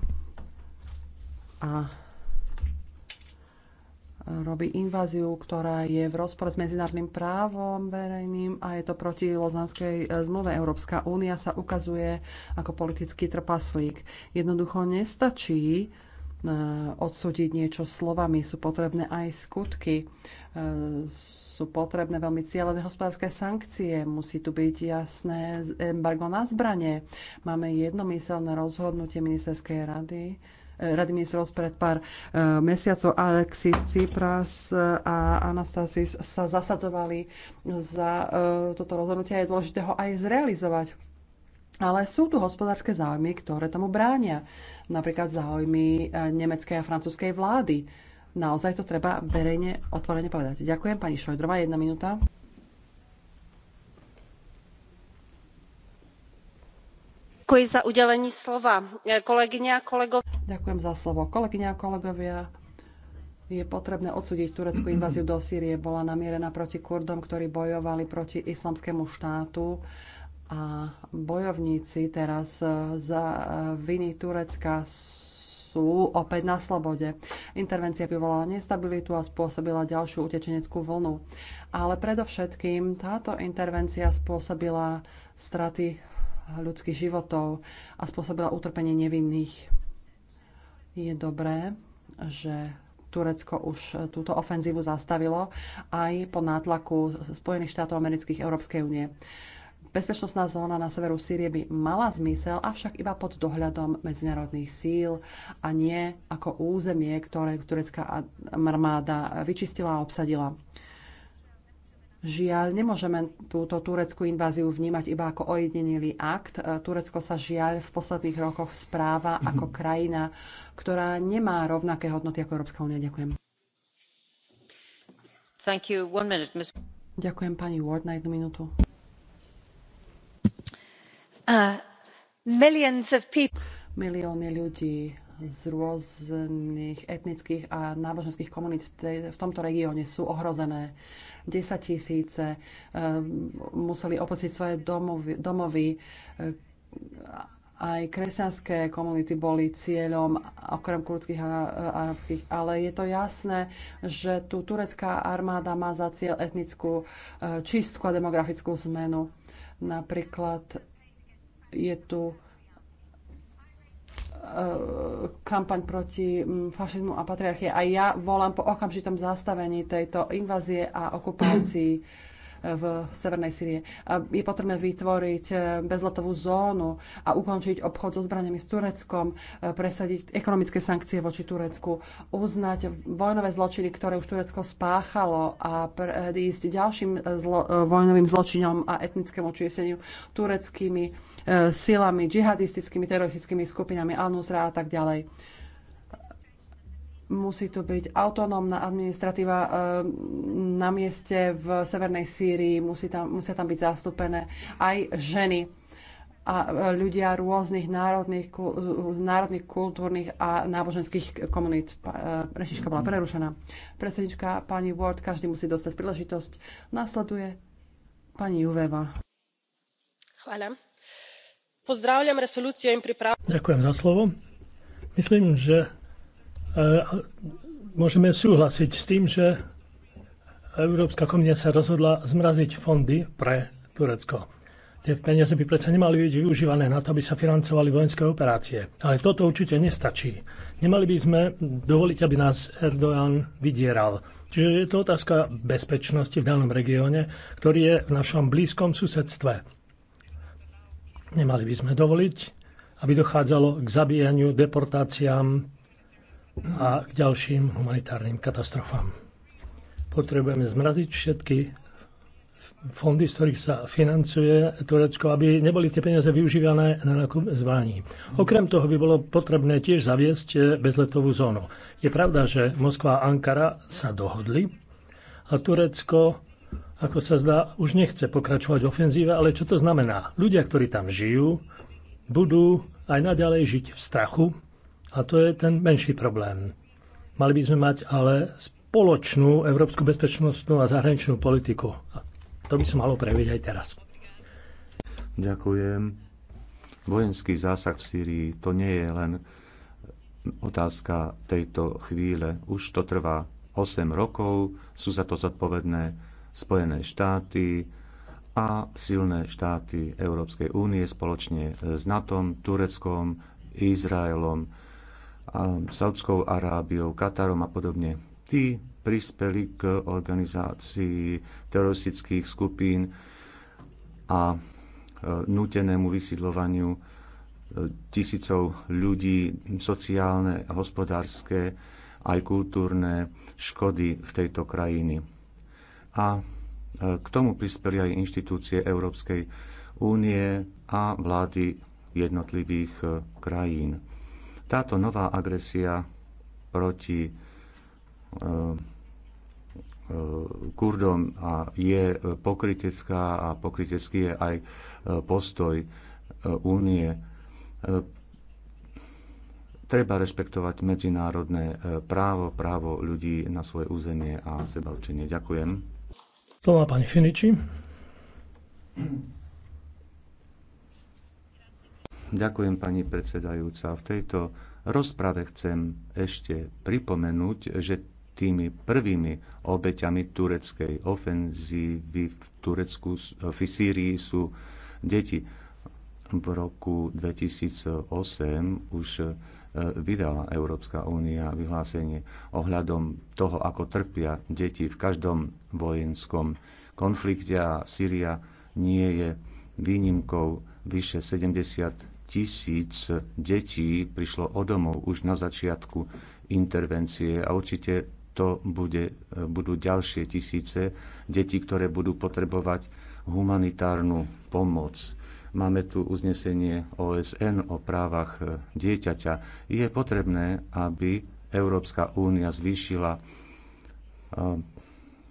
a robí inváziu, ktorá je v rozpore s medzinárodným právom verejným a je to proti Lozanskej e, zmluve. Európska únia sa ukazuje ako politický trpaslík. Jednoducho nestačí Eh, odsúdiť niečo slovami, sú potrebné aj skutky, eh, sú potrebné veľmi cieľené hospodárske sankcie, musí tu byť jasné embargo na zbranie. Máme jednomyselné rozhodnutie ministerskej rady, eh, Rady ministrov pred pár mesiacov Alexis Tsipras a Anastasis sa zasadzovali za toto rozhodnutie a je dôležité ho aj zrealizovať. Ale sú tu hospodárske záujmy, ktoré tomu bránia napríklad záujmy e, nemeckej a francúzskej vlády. Naozaj to treba verejne otvorene povedať. Ďakujem pani Šojdrová, jedna minúta. Ďakujem za udelenie slova. E, Kolegyňa a kolegovia. Ďakujem za slovo. Kolegyňa a kolegovia, je potrebné odsúdiť tureckú inváziu do Sýrie. Bola namierená proti Kurdom, ktorí bojovali proti islamskému štátu a bojovníci teraz e, za viny Turecka sú opäť na slobode. Intervencia vyvolala nestabilitu a spôsobila ďalšiu utečeneckú vlnu. Ale predovšetkým táto intervencia spôsobila straty ľudských životov a spôsobila utrpenie nevinných. Je dobré, že Turecko už túto ofenzívu zastavilo aj po nátlaku Spojených štátov amerických Európskej únie. Bezpečnostná zóna na severu Sýrie by mala zmysel, avšak iba pod dohľadom medzinárodných síl a nie ako územie, ktoré turecká armáda vyčistila a obsadila. Žiaľ, nemôžeme túto tureckú inváziu vnímať iba ako ojedinilý akt. Turecko sa žiaľ v posledných rokoch správa mhm. ako krajina, ktorá nemá rovnaké hodnoty ako Európska únia. Ďakujem. Minute, Ďakujem pani Ward na jednu minútu. Uh, Milióny ľudí z rôznych etnických a náboženských komunít v, tomto regióne sú ohrozené. 10 tisíce uh, museli opustiť svoje domovy, domovy aj kresťanské komunity boli cieľom, okrem kurdských a arabských, ale je to jasné, že tu turecká armáda má za cieľ etnickú uh, čistku a demografickú zmenu. Napríklad je tu e, kampaň proti fašizmu a patriarchie. A ja volám po okamžitom zastavení tejto invázie a okupácii v Severnej Syrie. Je potrebné vytvoriť eh, bezletovú zónu a ukončiť obchod so zbraniami s Tureckom, eh, presadiť ekonomické sankcie voči Turecku, uznať vojnové zločiny, ktoré už Turecko spáchalo a ísť ďalším eh, zlo- vojnovým zločinom a etnickému čieseniu tureckými silami, džihadistickými, teroristickými skupinami Al-Nusra a tak ďalej Musí to byť autonómna administratíva eh, na mieste v Severnej Sýrii, musí tam, musia tam byť zastúpené aj ženy a eh, ľudia rôznych národných, národných kultúrnych a náboženských komunít. Prešička eh, bola prerušená. Predsednička pani Ward, každý musí dostať príležitosť. Nasleduje pani Juveva. Chváľam. Pozdravujem resolucijo im pripravo. Ďakujem za slovo. Myslím, že E, môžeme súhlasiť s tým, že Európska komisia sa rozhodla zmraziť fondy pre Turecko. Tie peniaze by predsa nemali byť využívané na to, aby sa financovali vojenské operácie. Ale toto určite nestačí. Nemali by sme dovoliť, aby nás Erdogan vydieral. Čiže je to otázka bezpečnosti v danom regióne, ktorý je v našom blízkom susedstve. Nemali by sme dovoliť, aby dochádzalo k zabíjaniu, deportáciám a k ďalším humanitárnym katastrofám. Potrebujeme zmraziť všetky fondy, z ktorých sa financuje Turecko, aby neboli tie peniaze využívané na nákup zbraní. Okrem toho by bolo potrebné tiež zaviesť eh, bezletovú zónu. Je pravda, že Moskva a Ankara sa dohodli a Turecko, ako sa zdá, už nechce pokračovať v ofenzíve, ale čo to znamená? Ľudia, ktorí tam žijú, budú aj naďalej žiť v strachu, a to je ten menší problém. Mali by sme mať ale spoločnú európsku bezpečnostnú a zahraničnú politiku. A to by sa malo prejaviť aj teraz. Ďakujem. Vojenský zásah v Sýrii to nie je len otázka tejto chvíle. Už to trvá 8 rokov, sú za to zodpovedné Spojené štáty a silné štáty Európskej únie spoločne s NATO, Tureckom, Izraelom, Saudskou Arábiou, Katarom a podobne. Tí prispeli k organizácii teroristických skupín a e, nútenému vysídľovaniu e, tisícov ľudí, sociálne, hospodárske aj kultúrne škody v tejto krajiny. A e, k tomu prispeli aj inštitúcie Európskej únie a vlády jednotlivých krajín. Táto nová agresia proti eh, eh, Kurdom a je pokritecká a pokritecký je aj eh, postoj únie. Treba rešpektovať medzinárodné právo, právo ľudí na svoje územie a učenie. Ďakujem. To má pani Finiči. Ďakujem, pani predsedajúca. V tejto rozprave chcem ešte pripomenúť, že tými prvými obeťami tureckej ofenzívy v Turecku, v Sýrii sú deti. V roku 2008 už e, vydala Európska únia vyhlásenie ohľadom toho, ako trpia deti v každom vojenskom konflikte a Sýria nie je výnimkou. Vyše 70 tisíc detí prišlo o domov už na začiatku intervencie a určite to bude, budú ďalšie tisíce detí, ktoré budú potrebovať humanitárnu pomoc. Máme tu uznesenie OSN o právach e, dieťaťa. Je potrebné, aby Európska únia zvýšila e,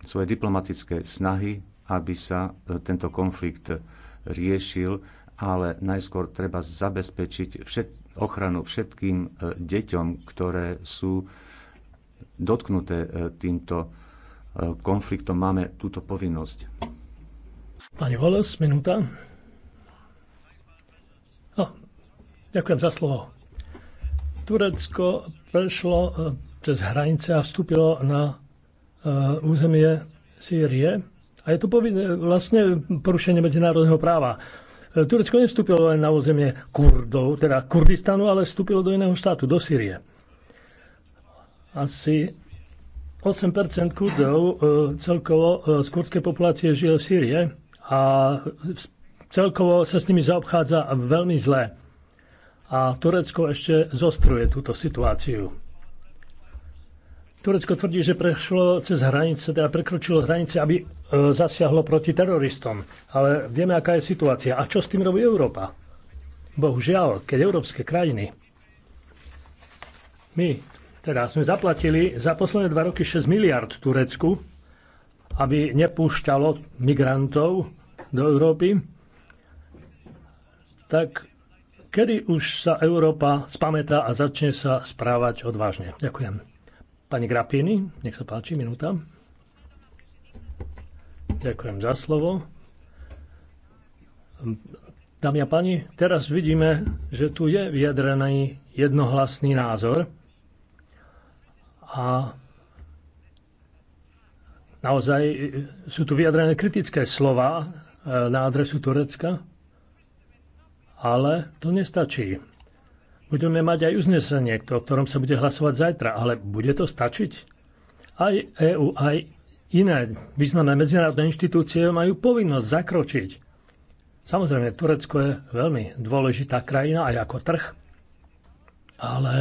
svoje diplomatické snahy, aby sa e, tento konflikt riešil ale najskôr treba zabezpečiť všet, ochranu všetkým e, deťom, ktoré sú dotknuté e, týmto e, konfliktom. Máme túto povinnosť. Pani Voles, minúta. No, ďakujem za slovo. Turecko prešlo cez hranice a vstúpilo na územie Sýrie. A je to vlastne porušenie medzinárodného práva. Turecko nevstúpilo len na územie Kurdov, teda Kurdistanu, ale vstúpilo do iného štátu, do Syrie. Asi 8 Kurdov e, celkovo e, z kurdskej populácie žije v Syrie a celkovo sa s nimi zaobchádza veľmi zle. A Turecko ešte zostruje túto situáciu. Turecko tvrdí, že prešlo cez hranice, teda prekročilo hranice, aby e, zasiahlo proti teroristom. Ale vieme, aká je situácia. A čo s tým robí Európa? Bohužiaľ, keď európske krajiny, my teda sme zaplatili za posledné dva roky 6 miliard Turecku, aby nepúšťalo migrantov do Európy, tak kedy už sa Európa spamätá a začne sa správať odvážne? Ďakujem. Pani Grapini, nech sa páči, minúta. Ďakujem za slovo. Dámy a páni, teraz vidíme, že tu je vyjadrený jednohlasný názor a naozaj sú tu vyjadrené kritické slova e, na adresu Turecka, ale to nestačí. Budeme mať aj uznesenie, o ktorom sa bude hlasovať zajtra, ale bude to stačiť? Aj EU, aj iné významné medzinárodné inštitúcie majú povinnosť zakročiť. Samozrejme, Turecko je veľmi dôležitá krajina aj ako trh, ale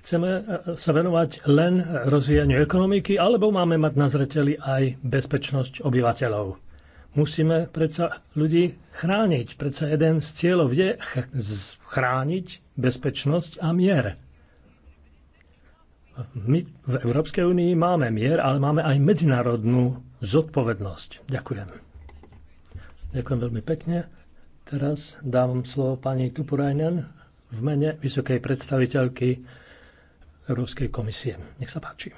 chceme e, e, sa venovať len rozvíjaniu ekonomiky, alebo máme mať na zreteli aj bezpečnosť obyvateľov. Musíme predsa ľudí chrániť. Predsa jeden z cieľov je chrániť bezpečnosť a mier. My v Európskej únii máme mier, ale máme aj medzinárodnú zodpovednosť. Ďakujem. Ďakujem veľmi pekne. Teraz dávam slovo pani Tupurajnen v mene vysokej predstaviteľky Európskej komisie. Nech sa páči.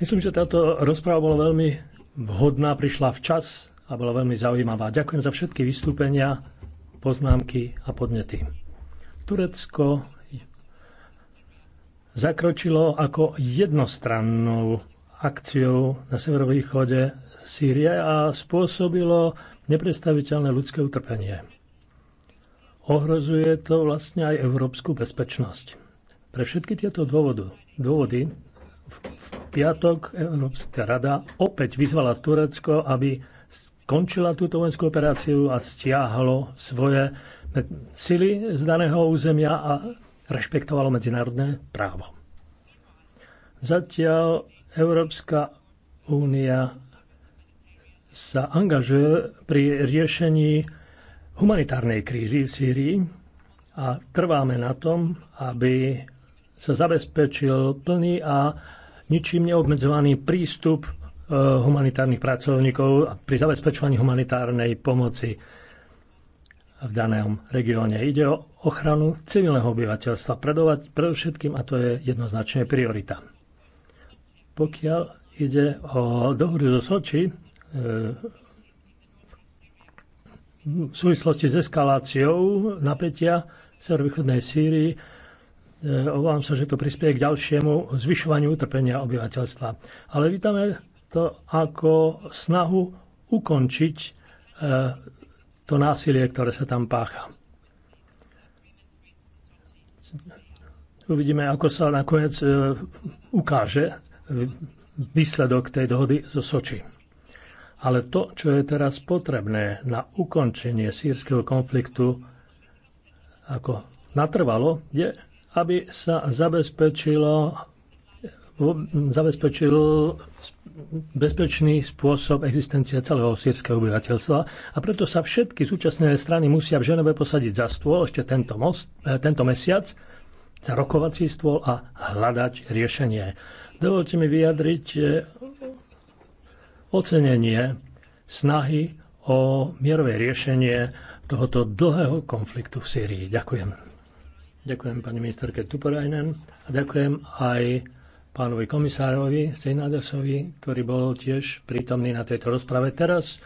Myslím, že táto rozpráva bola veľmi vhodná, prišla včas a bola veľmi zaujímavá. Ďakujem za všetky vystúpenia, poznámky a podnety. Turecko zakročilo ako jednostrannou akciou na severovýchode Sýrie a spôsobilo neprestaviteľné ľudské utrpenie. Ohrozuje to vlastne aj európsku bezpečnosť. Pre všetky tieto dôvody, dôvody v piatok Európska rada opäť vyzvala Turecko, aby skončila túto vojenskú operáciu a stiahlo svoje sily z daného územia a rešpektovalo medzinárodné právo. Zatiaľ Európska únia sa angažuje pri riešení humanitárnej krízy v Sýrii a trváme na tom, aby sa zabezpečil plný a ničím neobmedzovaný prístup e, humanitárnych pracovníkov pri zabezpečovaní humanitárnej pomoci v danom regióne. Ide o ochranu civilného obyvateľstva, predovať predovšetkým, a to je jednoznačne priorita. Pokiaľ ide o dohodu zo Soči, e, v súvislosti s eskaláciou napätia v severovýchodnej Sýrii E, obávam sa, že to prispieje k ďalšiemu zvyšovaniu utrpenia obyvateľstva. Ale vítame to ako snahu ukončiť e, to násilie, ktoré sa tam pácha. Uvidíme, ako sa nakoniec e, ukáže výsledok tej dohody zo Soči. Ale to, čo je teraz potrebné na ukončenie sírskeho konfliktu ako natrvalo, je aby sa zabezpečilo zabezpečil bezpečný spôsob existencie celého sírskeho obyvateľstva a preto sa všetky súčasné strany musia v Ženove posadiť za stôl ešte tento, most, eh, tento mesiac, za rokovací stôl a hľadať riešenie. Dovolte mi vyjadriť eh, ocenenie snahy o mierové riešenie tohoto dlhého konfliktu v Sýrii. Ďakujem. Ďakujem pani ministerke Tuporajnen a ďakujem aj pánovi komisárovi Sejnádesovi, ktorý bol tiež prítomný na tejto rozprave. Teraz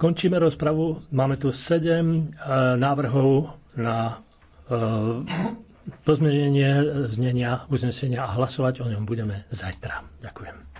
končíme rozpravu. Máme tu sedem e, návrhov na e, pozmenenie znenia uznesenia a hlasovať o ňom budeme zajtra. Ďakujem.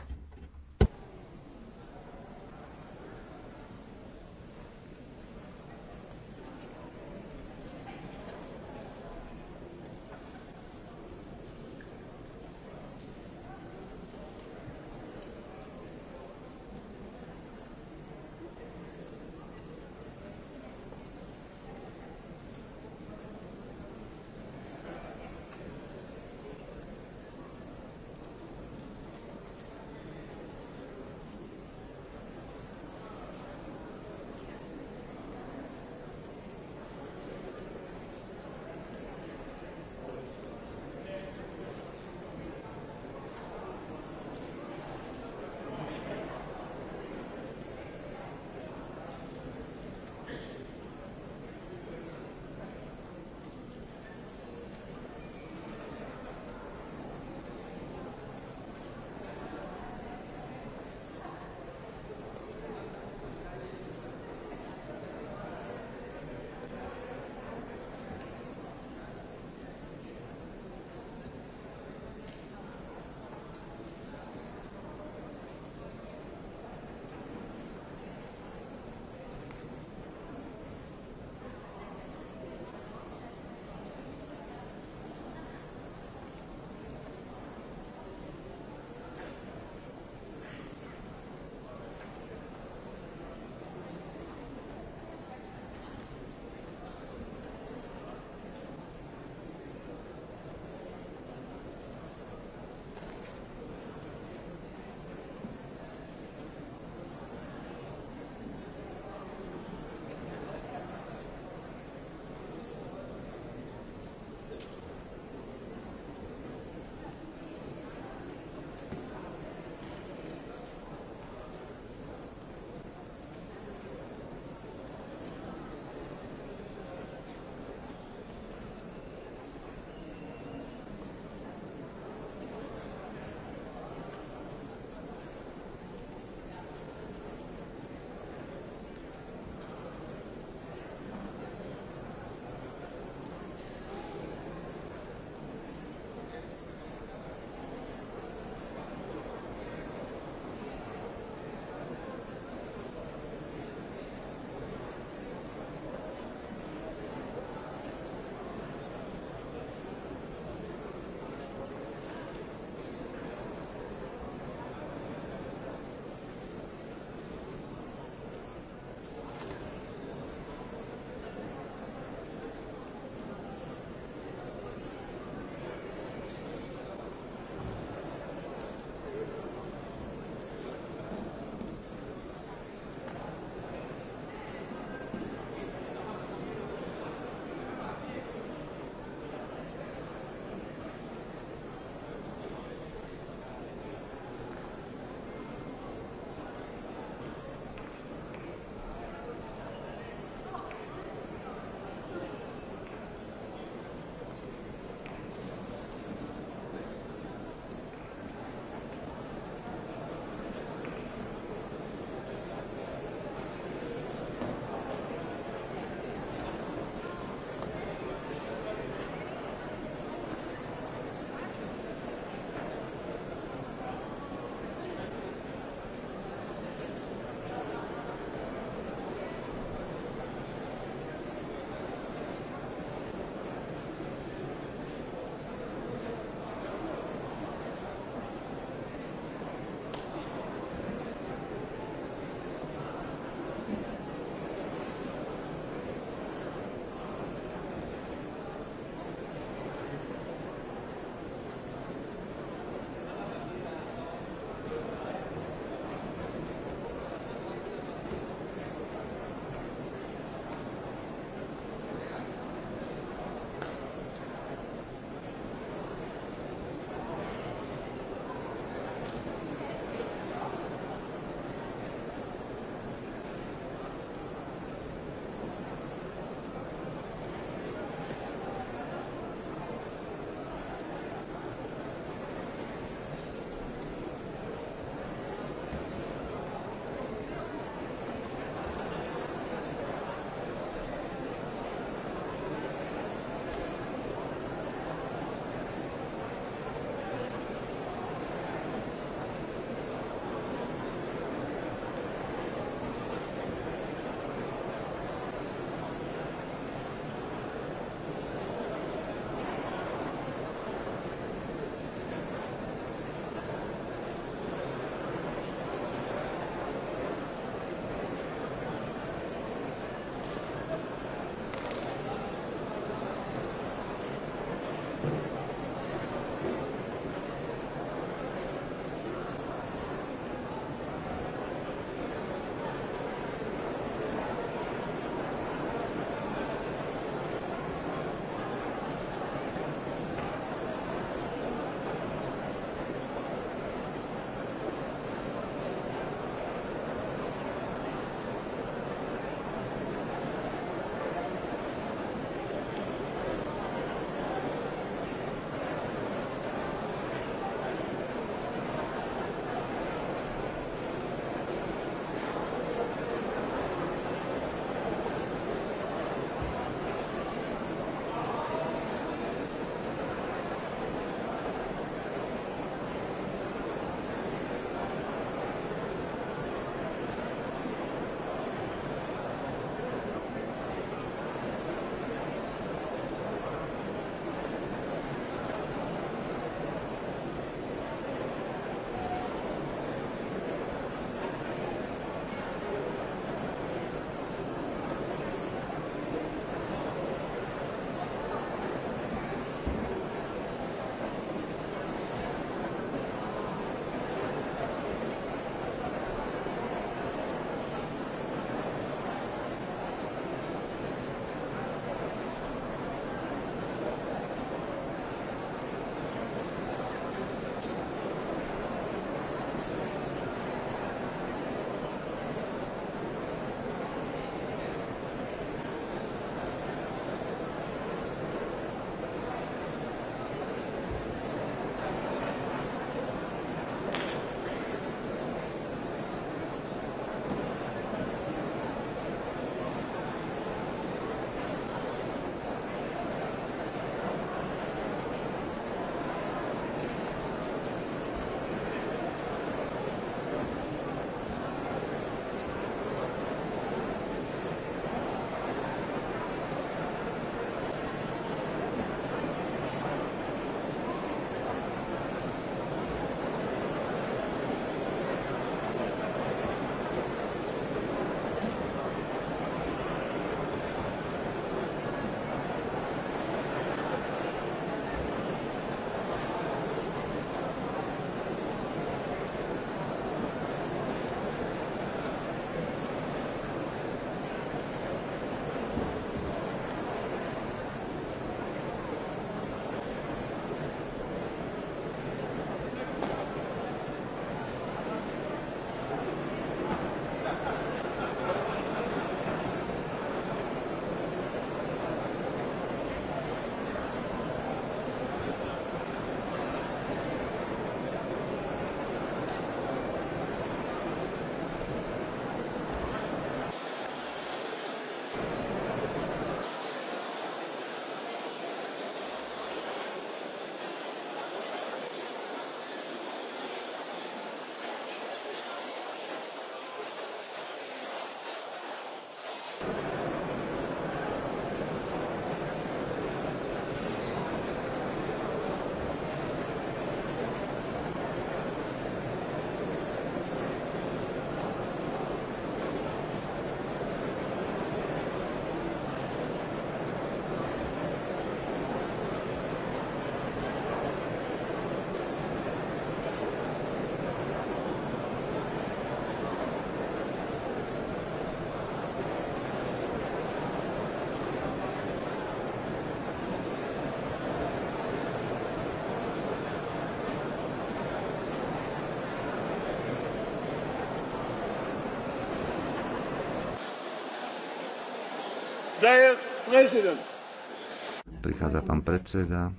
Prichádza pán predseda.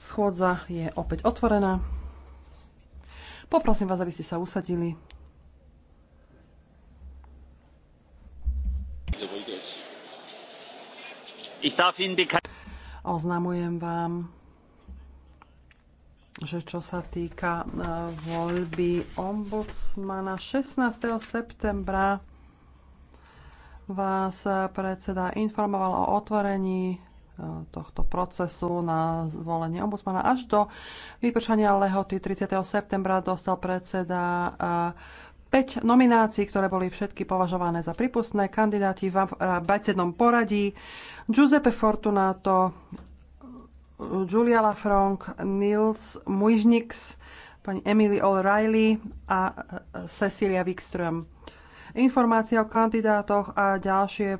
Schôdza je opäť otvorená. Poprosím vás, aby ste sa usadili. Oznámujem vám, že čo sa týka e, voľby ombudsmana 16. septembra vás e, predseda informoval o otvorení e, tohto procesu na zvolenie ombudsmana. Až do vypršania lehoty 30. septembra dostal predseda 5 nominácií, ktoré boli všetky považované za prípustné. Kandidáti v 21. poradí. Giuseppe Fortunato, Julia Lafranc, Nils Mujžniks, pani Emily O'Reilly a Cecilia Wikström. Informácie o kandidátoch a ďalšie